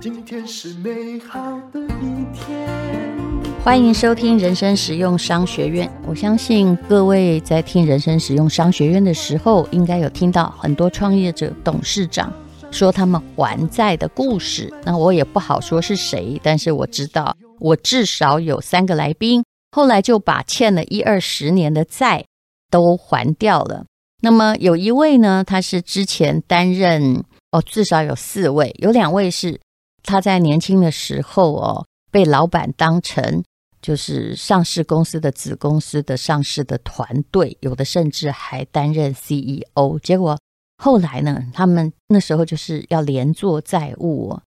今天是美好的一天。歡迎收聽《人生實用商學院》。我相信各位在聽《人生實用商學院》的時候，應該有聽到很多創業者、董事長說他們還債的故事。那我也不好說是誰，但是我知道，我至少有三個來賓後來就把欠了一二十年的債都還掉了。那麼有一位呢，他是之前擔任哦，至少有四位，有兩位是他在年輕的時候哦，被老板當成就是上市公司的子公司的上市的團隊，有的甚至還擔任 CEO。結果後來呢，他們那時候就是要連坐債務哦，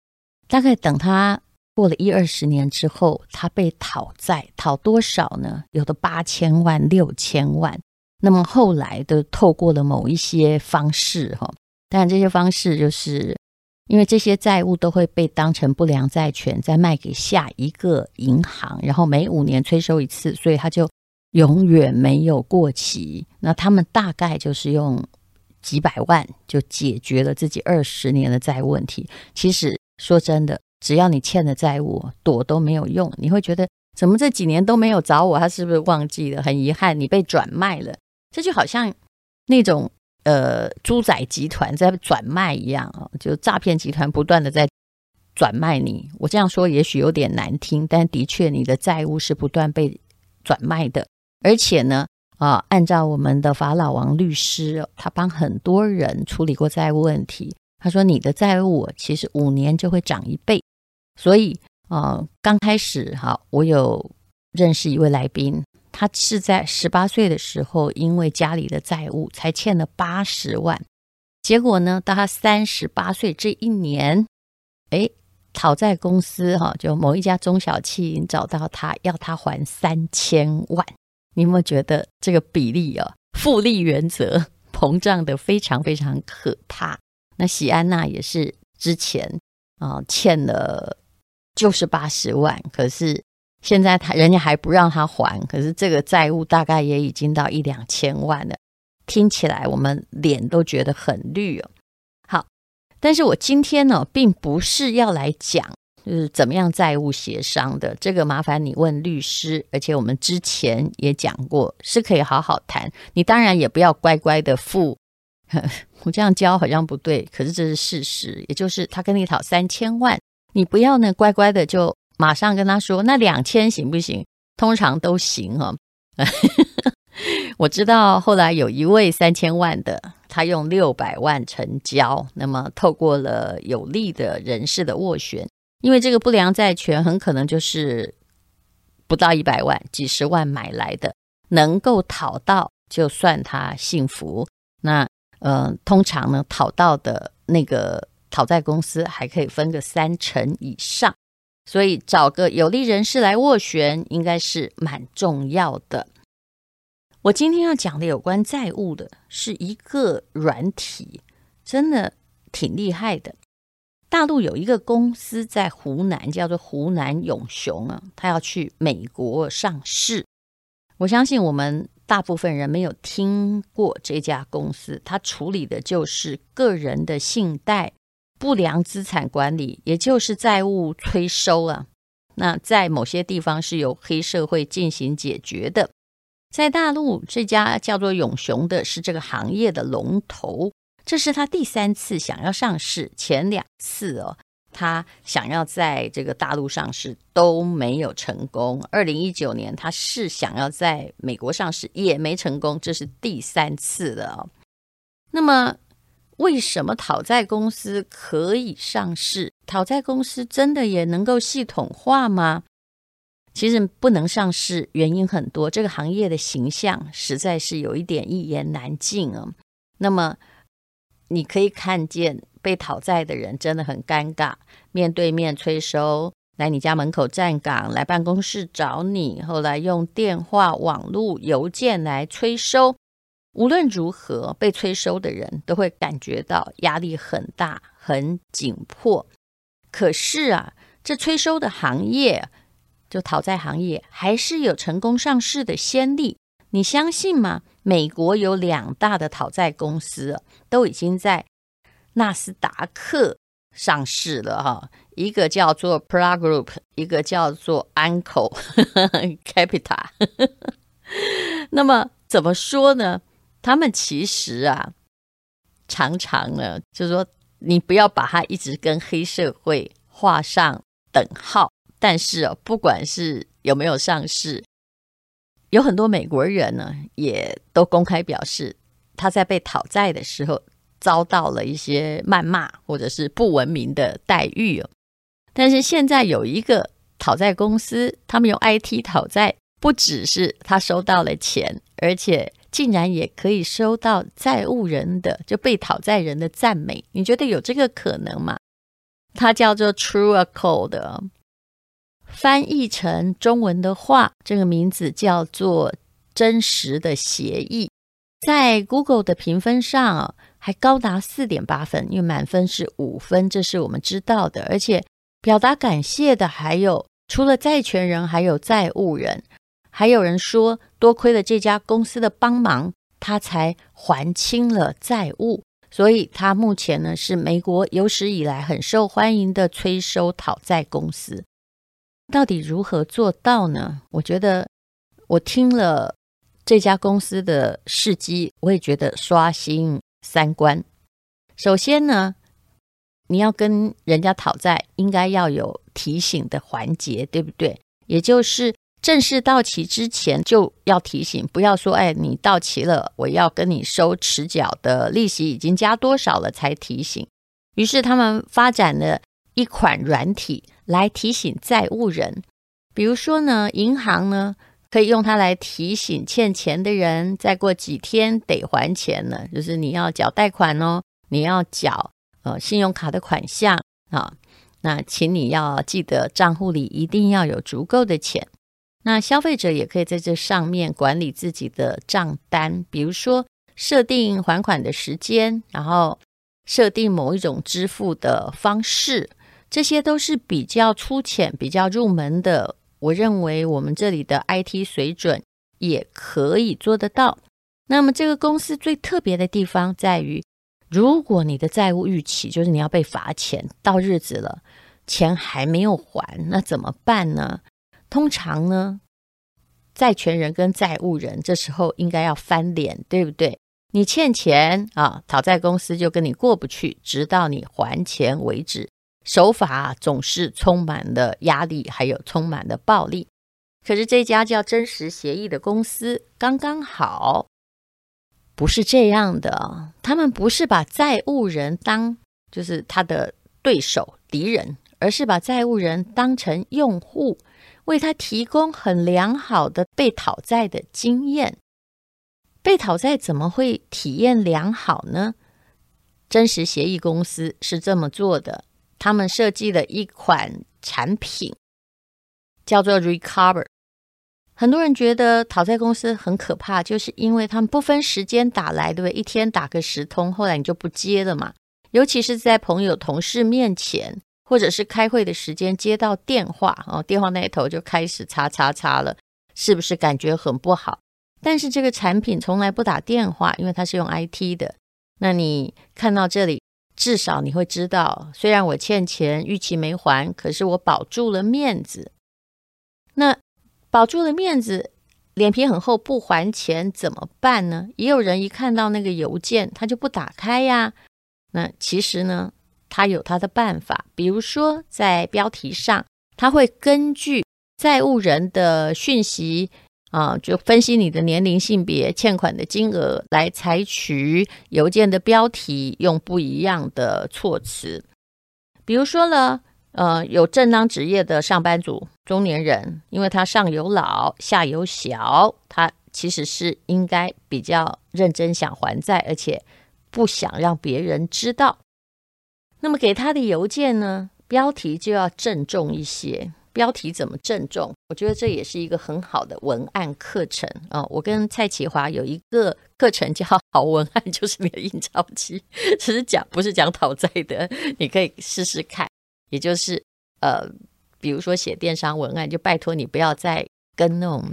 大概等他過了一二十年之後，他被討債，討多少呢？有的八千萬，六千萬。那麼後來的透過了某一些方式哈，當然這些方式就是因為這些債務都會被當成不良債權再賣給下一個銀行，然後每五年催收一次，所以他就永遠沒有過期。那他們大概就是用幾百萬就解決了自己二十年的債務問題。其實說真的，只要你欠的債務躲都沒有用，你會覺得怎麼這幾年都沒有找我，他是不是忘記了？很遺憾，你被轉賣了。這就好像那種呃，豬仔集團在轉賣一樣啊，就詐騙集團不斷的在轉賣你。我這樣說也許有點難聽，但的確你的債務是不斷被轉賣的。而且呢，啊，按照我們的法老王律師，他幫很多人處理過債務問題，他說你的債務其實五年就會漲一倍。所以啊，剛開始哈，我有認識一位來賓。他是在十八歲的時候，因為家裡的債務才欠了八十萬。結果呢，到他三十八歲這一年，誒，討債公司哈，就某一家中小企業找到他，要他還三千萬。你有沒有覺得這個比例啊，複利原則膨脹的非常非常可怕？那喜安娜也是之前啊、呃，欠了就是八十萬，可是。現在他人家還不讓他還，可是這個債務大概也已經到一兩千萬了，聽起來我們臉都覺得很綠哦。好，但是我今天呢、哦，並不是要來講就是怎麼樣債務協商的，這個麻煩你問律師。而且我們之前也講過，是可以好好談，你當然也不要乖乖的付。呵，我這樣教好像不對，可是這是事實，也就是他跟你討三千萬，你不要呢乖乖的就。馬上跟他說，那兩千行不行？通常都行哈、啊。 我知道後來有一位三千萬的，他用六百萬成交，那麼透過了有力的人士的斡旋，因為這個不良債權很可能就是不到一百萬、幾十萬買來的，能夠討到就算他幸福。那嗯、呃，通常呢，討到的那個討債公司還可以分個三成以上。所以找個有力人士來斡旋，應該是蠻重要的。我今天要講的有關債務的，是一個軟體，真的挺厲害的。大陸有一個公司在湖南，叫做湖南永雄啊，他要去美國上市。我相信我們大部分人沒有聽過這家公司，它處理的就是個人的信貸。不良資產管理，也就是債務催收啊，那在某些地方是由黑社會進行解決的。在大陸，這家叫做永雄的，是這個行業的龍頭。這是他第三次想要上市，前兩次哦，他想要在這個大陸上市都沒有成功。二零一九年，他是想要在美國上市也沒成功，這是第三次了哦。那麼。為什麼討債公司可以上市？討債公司真的也能夠系統化嗎？其實不能上市，原因很多，這個行業的形象實在是有一點一言難盡啊。那麼你可以看見被討債的人真的很尷尬，面對面催收，來你家門口站崗，來辦公室找你，後來用電話、網絡、郵件來催收。無論如何，被催收的人都會感覺到壓力很大、很緊迫。可是啊，這催收的行業，就討債行業，還是有成功上市的先例。你相信嗎？美國有兩大的討債公司都已經在納斯達克上市了，啊，哈，一個叫做 PRA Group，一個叫做 Encore Capital。那麼怎麼說呢？他們其實啊，常常呢，就是說，你不要把它一直跟黑社會畫上等號。但是哦，不管是有沒有上市，有很多美國人呢，也都公開表示，他在被討債的時候遭到了一些謾罵或者是不文明的待遇哦。但是現在有一個討債公司，他們用 IT 討債，不只是他收到了錢，而且。竟然也可以收到債務人的，就被討債人的讚美，你覺得有這個可能嗎？它叫做 True Accord 的，翻譯成中文的話，這個名字叫做真實的協議。在 Google 的評分上還高達四點八分，因為滿分是五分，這是我們知道的。而且表達感謝的還有，除了債權人，還有債務人。還有人說，多虧了這家公司的幫忙，他才還清了債務。所以，他目前呢是美國有史以來很受歡迎的催收討債公司。到底如何做到呢？我覺得，我聽了這家公司的事跡，我也覺得刷新三觀。首先呢，你要跟人家討債，應該要有提醒的環節，對不對？也就是。正式到期之前就要提醒，不要說“哎，你到期了，我要跟你收遲繳的利息，已經加多少了”才提醒。於是他們發展了一款軟體來提醒債務人，比如說呢，銀行呢可以用它來提醒欠錢的人，再過幾天得還錢了，就是你要繳貸款哦，你要繳呃信用卡的款項啊、哦，那請你要記得賬戶裡一定要有足夠的錢。那消費者也可以在這上面管理自己的賬單，比如說設定還款的時間，然後設定某一種支付的方式，這些都是比較粗淺、比較入門的。我認為我們這裡的 IT 水準也可以做得到。那麼這個公司最特別的地方在於，如果你的債務逾期，就是你要被罰錢，到日子了，錢還沒有還，那怎麼辦呢？通常呢，債權人跟債務人這時候應該要翻臉，對不對？你欠錢啊，討債公司就跟你過不去，直到你還錢為止。手法總是充滿了壓力，還有充滿了暴力。可是這家叫真實協議的公司剛剛好不是這樣的，他們不是把債務人當就是他的對手敵人，而是把債務人當成用戶。為他提供很良好的被討債的經驗。被討債怎麼會體驗良好呢？真實協議公司是這麼做的，他們設計了一款產品叫做 Recover。很多人覺得討債公司很可怕，就是因為他們不分時間打來，對不對？一天打個十通，後來你就不接了嘛。尤其是在朋友、同事面前。或者是開會的時間接到電話哦，電話那一頭就開始叉叉叉了，是不是感覺很不好？但是這個產品從來不打電話，因為它是用 IT 的。那你看到這裡，至少你會知道，雖然我欠錢逾期沒還，可是我保住了面子。那保住了面子，臉皮很厚，不還錢怎麼辦呢？也有人一看到那個郵件，他就不打開呀。那其實呢，他有他的辦法，比如說在標題上，他會根據債務人的訊息啊、呃，就分析你的年齡、性別、欠款的金額來採取郵件的標題，用不一樣的措辭。比如說呢，呃，有正當職業的上班族中年人，因為他上有老下有小，他其實是應該比較認真想還債，而且不想讓別人知道。那麼給他的郵件呢？標題就要鄭重一些。標題怎麼鄭重？我覺得這也是一個很好的文案課程。哦，我跟蔡其華有一個課程叫《好文案就是你的印鈔機》，其實講，不是講討債的。你可以試試看，也就是呃，比如說寫電商文案，就拜託你不要再跟那種。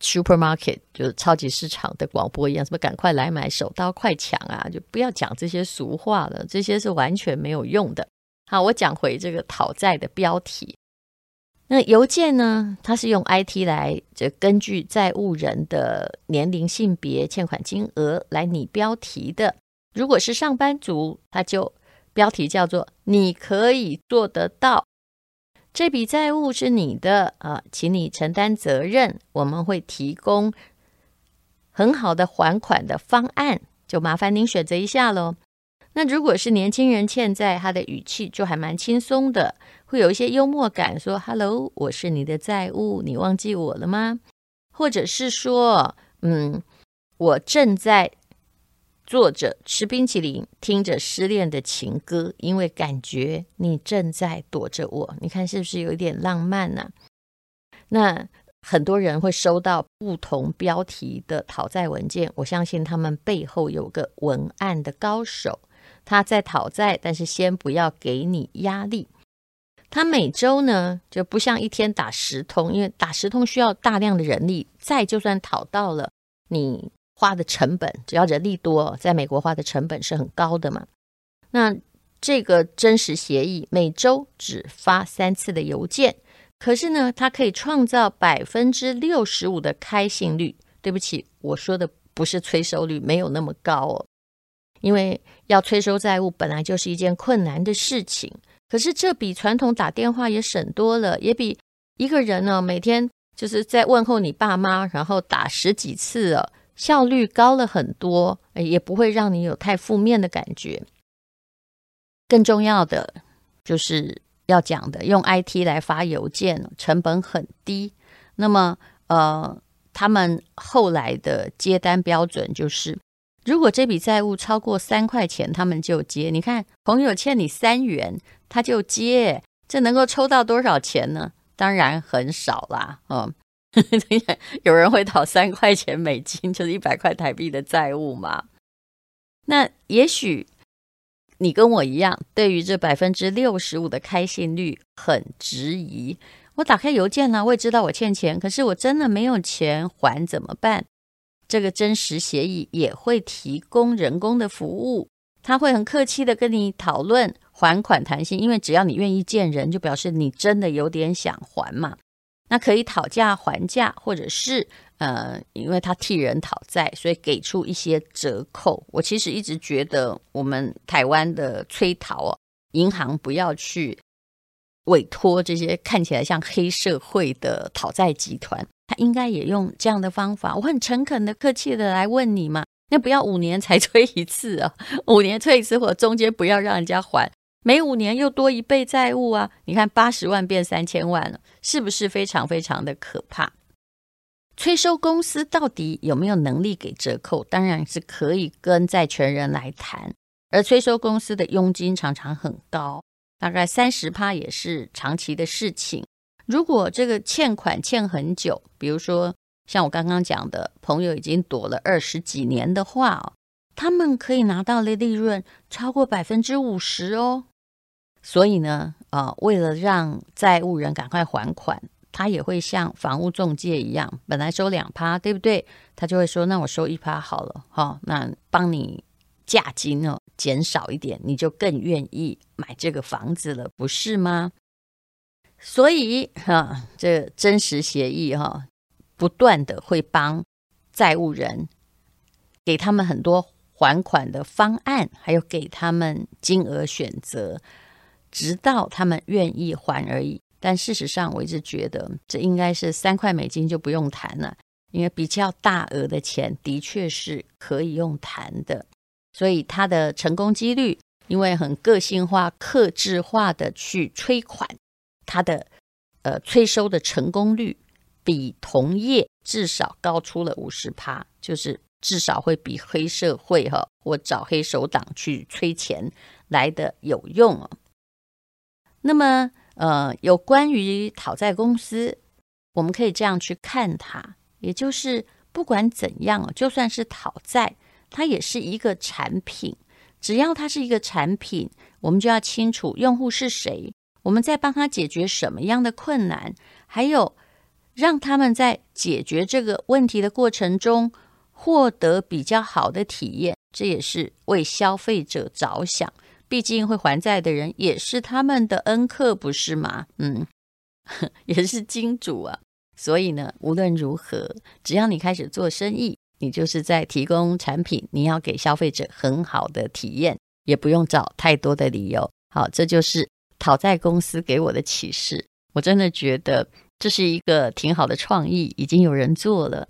supermarket 就是超級市場的廣播一樣，什麼趕快來買，手刀快搶啊！就不要講這些俗話了，這些是完全沒有用的。好，我講回這個討債的標題。那郵件呢？它是用 IT 來，就根據債務人的年齡、性別、欠款金額來擬標題的。如果是上班族，他就標題叫做“你可以做得到”。這筆債務是你的，啊、呃，請你承擔責任。我們會提供很好的還款的方案，就麻煩您選擇一下嘍。那如果是年輕人欠債，他的語氣就還蠻輕鬆的，會有一些幽默感，說：“Hello，我是你的債務，你忘記我了嗎？”或者是說：“嗯，我正在。”坐着吃冰淇淋，聽着失戀的情歌，因為感覺你正在躲着我。你看是不是有點浪漫呢、啊？那很多人會收到不同標題的討債文件，我相信他們背後有個文案的高手，他在討債，但是先不要給你壓力。他每周呢就不像一天打十通，因為打十通需要大量的人力，再就算討到了，你。花的成本，只要人力多，哦，在美國花的成本是很高的嘛。那這個真實協議每周只發三次的郵件，可是呢，它可以創造百分之六十五的開信率。對不起，我說的不是催收率，沒有那麼高哦。因為要催收債務本來就是一件困難的事情，可是這比傳統打電話也省多了，也比一個人呢，哦、每天就是在問候你爸媽，然後打十幾次了，哦。效率高了很多，也不會讓你有太負面的感覺。更重要的，就是要講的，用 IT 來發郵件，成本很低。那麼，呃，他們後來的接單標準就是，如果這筆債務超過三塊錢，他們就接。你看，朋友欠你三元，他就接，這能夠抽到多少錢呢？當然很少啦，哦、呃。 有人會討三塊錢美金，就是一百塊台幣的債務嗎？那也許你跟我一樣，對於這百分之六十五的開信率很質疑。我打開郵件呢、啊，我也知道我欠錢，可是我真的沒有錢還怎麼辦？這個真實協議也會提供人工的服務，他會很客氣的跟你討論還款談心，因為只要你願意見人，就表示你真的有點想還嘛。那可以討價還價，或者是呃，因為他替人討債，所以給出一些折扣。我其實一直覺得，我們台灣的催討、啊、銀行不要去委託這些看起來像黑社會的討債集團，他應該也用這樣的方法。我很誠懇的、客氣的來問你嘛，那不要五年才催一次啊，五年催一次，我中間不要讓人家還。每五年又多一倍債務啊！你看八十萬變三千萬了，是不是非常非常的可怕？催收公司到底有沒有能力給折扣？當然是可以跟債權人來談。而催收公司的佣金常常很高，大概三十趴也是長期的事情。如果這個欠款欠很久，比如說像我剛剛講的朋友已經躲了二十幾年的話，他們可以拿到的利潤超過百分之五十哦。所以呢，呃、啊，為了讓債務人趕快還款，他也會像房屋中介一樣，本來收兩趴，對不對？他就會說，那我收一趴好了，哈、哦，那幫你價金哦，減少一點，你就更願意買這個房子了，不是嗎？所以哈、啊，這真實協議哈、哦，不斷的會幫債務人給他們很多還款的方案，還有給他們金額選擇。直到他們願意還而已。但事實上，我一直覺得這應該是三塊美金就不用談了，因為比較大額的錢的確是可以用談的。所以他的成功幾率，因為很個性化、客製化的去催款，他的呃催收的成功率比同業至少高出了五十趴，就是至少會比黑社會哈或、哦、找黑手黨去催錢來得有用、哦那麼，呃，有關於討債公司，我們可以這樣去看它，也就是不管怎樣，就算是討債，它也是一個產品。只要它是一個產品，我們就要清楚用戶是誰，我們在幫他解決什麼樣的困難，還有讓他們在解決這個問題的過程中獲得比較好的體驗，這也是為消費者着想。畢竟會還債的人也是他們的恩客，不是嗎？嗯，也是金主啊。所以呢，無論如何，只要你開始做生意，你就是在提供產品，你要給消費者很好的體驗，也不用找太多的理由。好，這就是討債公司給我的啟示。我真的覺得這是一個挺好的創意，已經有人做了，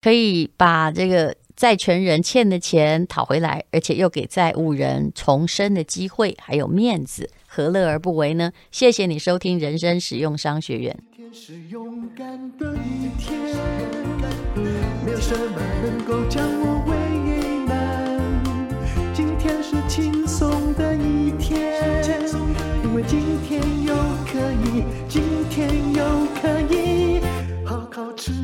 可以把這個。債權人欠的錢討回來，而且又給債務人重生的機會，還有面子，何樂而不為呢？謝謝你收聽人生實用商學院。今天是勇敢的一天，沒有什麼能夠將我為難。今天是輕鬆的一天，因為今天又可以，今天又可以好好吃